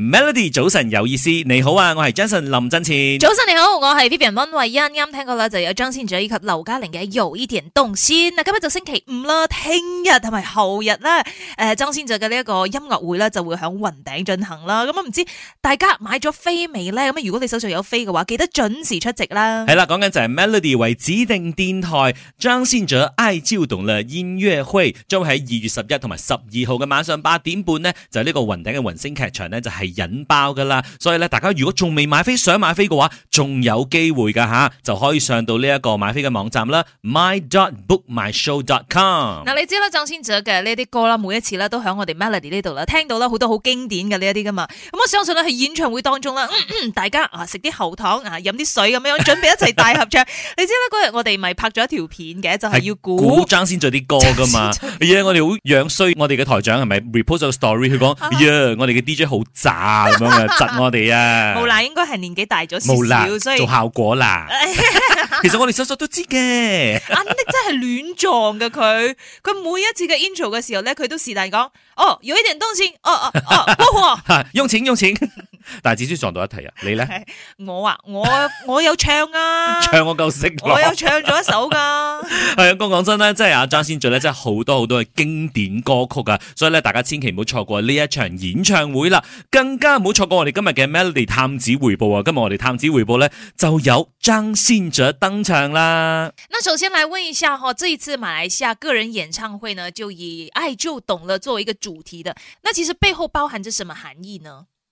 Melody 早晨有意思，你好啊，我係 Jason 林振前。早晨你好，我係 Vivian 溫慧欣。啱聽過啦，就有張信哲以及劉嘉玲嘅《有一點動心》。嗱，今日就星期五啦，聽日同埋後日啦，誒、呃，張信哲嘅呢一個音樂會呢，就會響雲頂進行啦。咁、嗯、啊，唔知大家買咗飛未呢？咁啊，如果你手上有飛嘅話，記得準時出席啦。係啦，講緊就係 Melody 為指定電台張信哲 I Jo 動啦音樂會，將會喺二月十一同埋十二號嘅晚上八點半呢，就呢個雲頂嘅雲星劇場呢，就係、是。引爆噶啦，所以咧，大家如果仲未買飛，想買飛嘅話，仲有機會噶吓、啊，就可以上到呢一個買飛嘅網站啦，mydotbookmyshow.com。嗱，你知啦，張信哲嘅呢啲歌啦，每一次咧都喺我哋 Melody 呢度啦，聽到啦好多好經典嘅呢一啲噶嘛。咁、嗯、我相信咧喺演唱會當中啦，大家啊食啲喉糖啊，飲啲水咁樣，準備一齊大合唱。 你知啦，嗰日我哋咪拍咗一條片嘅，就係、是、要估張信哲啲歌噶嘛。Yeah, 我哋好樣衰，我哋嘅台長係咪 repost 咗個 story？佢講呀，我哋嘅 DJ 好讚。 啊，咁樣窒我哋啊！無賴應該係年紀大咗少少，所以做效果啦。 其實我哋叔叔都知嘅。啊， 你真係亂撞㗎佢，佢每一次嘅 intro 嘅時候咧，佢都是但講，哦、oh，有一點東西，哦哦哦，哇， 用錢用錢。 但係至少撞到一題啊！你咧？ 我啊，我我有唱啊，唱我夠識， 我有唱咗一首噶。係 啊，哥講真啦，即係阿張信哲咧，真係好多好多嘅經典歌曲啊！所以咧，大家千祈唔好錯過呢一場演唱會啦，更加唔好錯過我哋今日嘅 Melody 探子回報啊！今日我哋探子回報咧，就有張信哲登場啦。那首先來問一下哈，這一次馬來西亞個人演唱會呢，就以愛就懂了作為一個主題的，那其實背後包含着什麼含義呢？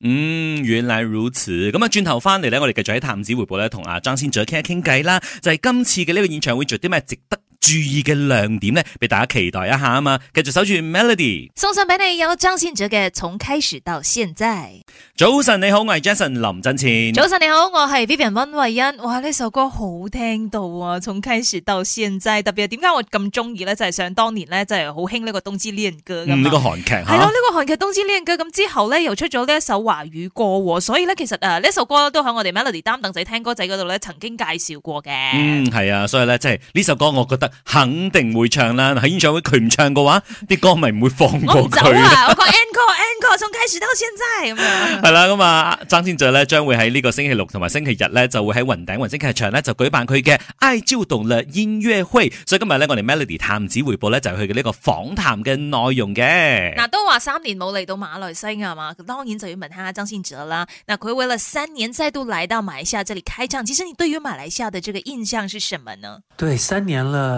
嗯，原來如此。咁啊，轉頭返嚟咧，我哋繼續喺探子回報咧，同阿張先生傾一傾偈啦。就係、是、今次嘅呢個演唱會，做啲咩值得？注意嘅亮點呢，俾大家期待一下啊嘛！繼續守住 Melody，送上俾你有張信哲嘅《從開始到現在》。早晨你好，我係 Jason 林振前。早晨你好，我係 Vivian 温慧欣。哇，呢首歌好聽到啊！從開始到現在，特別係點解我咁中意咧？就係、是、想當年咧，就係好興呢個《冬之戀歌》咁，呢個韓劇係咯，呢個韓劇《冬之戀歌》咁之後咧，又出咗呢一首華語歌，所以咧其實啊，呢首歌都喺我哋 Melody 擔凳仔聽歌仔嗰度咧，曾經介紹過嘅。嗯，係啊，所以咧即係呢首歌，我覺得。肯定會唱啦！喺演唱會佢唔唱嘅話，啲歌迷唔會放過佢。我走啦、啊， 我講 Encore Encore 從開始到現在咁樣。係 啦，咁啊，張信哲咧將會喺呢個星期六同埋星期日咧就會喺雲頂雲星劇場咧就舉辦佢嘅愛焦動力音樂會。所以今日咧我哋 Melody 探子回報咧就係佢嘅呢個訪談嘅內容嘅。嗱，都話三年冇嚟到馬來西亞嘛，當然就要問下張信哲啦。嗱，佢為咗三年再度嚟到馬來西亞這裏開唱，其實你對於馬來西亞的這個印象是什麼呢？對，三年了。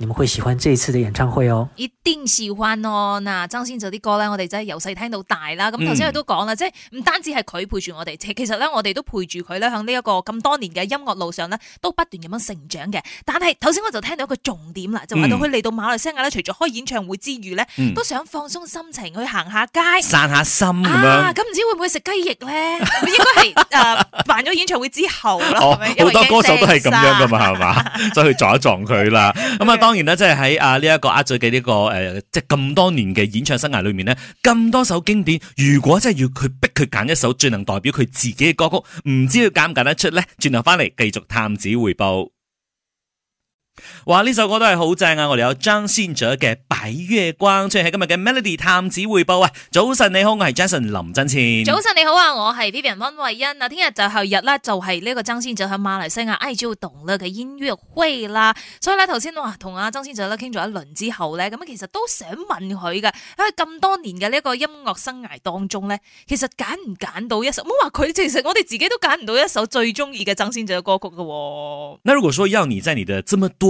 你們會喜歡這一次的演唱會哦，一定喜歡哦。嗱，張信哲啲歌咧，我哋真係由細聽到大啦。咁頭先佢都講啦，嗯、即係唔單止係佢陪住我哋，其實咧我哋都陪住佢咧，喺呢一個咁多年嘅音樂路上咧，都不斷咁樣成長嘅。但係頭先我就聽到一個重點啦，就話到佢嚟到馬來西亞咧，除咗開演唱會之餘咧，嗯、都想放鬆心情去行下街、散下心咁樣。咁唔、啊、知會唔會食雞翼咧？ 應該係、呃、辦咗演唱會之後啦，好、哦、多歌手都係咁樣噶嘛，係嘛， 走去撞一撞佢啦。咁啊 當然啦，這個呃，即係喺啊呢一個阿哲嘅呢個誒，即係咁多年嘅演唱生涯裏面咧，咁多首經典，如果真係要佢逼佢揀一首最能代表佢自己嘅歌曲，唔知佢揀唔揀得出咧？轉頭翻嚟繼續探子回報。哇！呢首歌都係好正啊！我哋有張信哲嘅《白月光》，出現喺今日嘅 Melody 探子回報啊！早晨你好，我係 Jason 林振前。早晨你好啊，我係 Vivian 溫慧欣啊！聽日就後日呢，就係、是、呢個張信哲喺馬來西亞 I G O 動力嘅音樂會啦。所以呢，頭先哇，同阿張信哲咧傾咗一輪之後呢，咁其實都想問佢噶，喺咁多年嘅呢一個音樂生涯當中呢，其實揀唔揀到一首？冇話佢，其實我哋自己都揀唔到一首最中意嘅張信哲嘅歌曲噶、哦。那如果說要你在你的這麼多，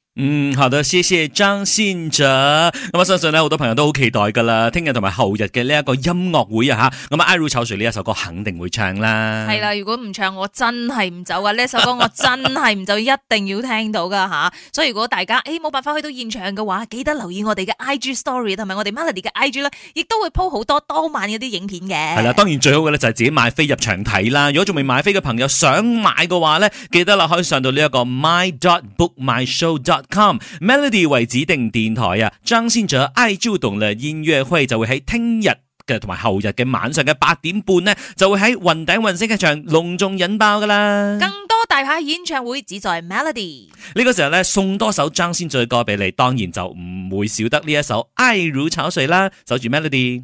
嗯，好的，謝謝張信哲。咁啊，相信咧，好多朋友都好期待噶啦。聽日同埋後日嘅呢一個音樂會啊，吓咁 i r u 臭水，呢一首歌肯定會唱啦。係啦，如果唔唱我真係唔走噶，呢 首歌我真係唔走，一定要聽到噶吓、啊。所以如果大家誒冇、欸、辦法去到現場嘅話，記得留意我哋嘅 I G Story 同埋我哋 Melody 嘅 I G 啦，亦都會鋪好多當晚嘅啲影片嘅。係啦，當然最好嘅呢，就係、是、自己買飛入場睇啦。如果仲未買飛嘅朋友想買嘅話呢，記得啦，可以上到呢一個 My Dot Book My Show Dot com Melody 為指定電台啊，張信哲 I DO 動力音樂會就會喺聽日嘅同埋後日嘅晚上嘅八點半呢，就會喺雲頂雲星劇場隆重引爆噶啦。更多大牌演唱會只在 Melody。呢個時候呢，送多首張信哲嘅歌俾你，當然就唔會少得呢一首愛如潮水啦，守住 Melody。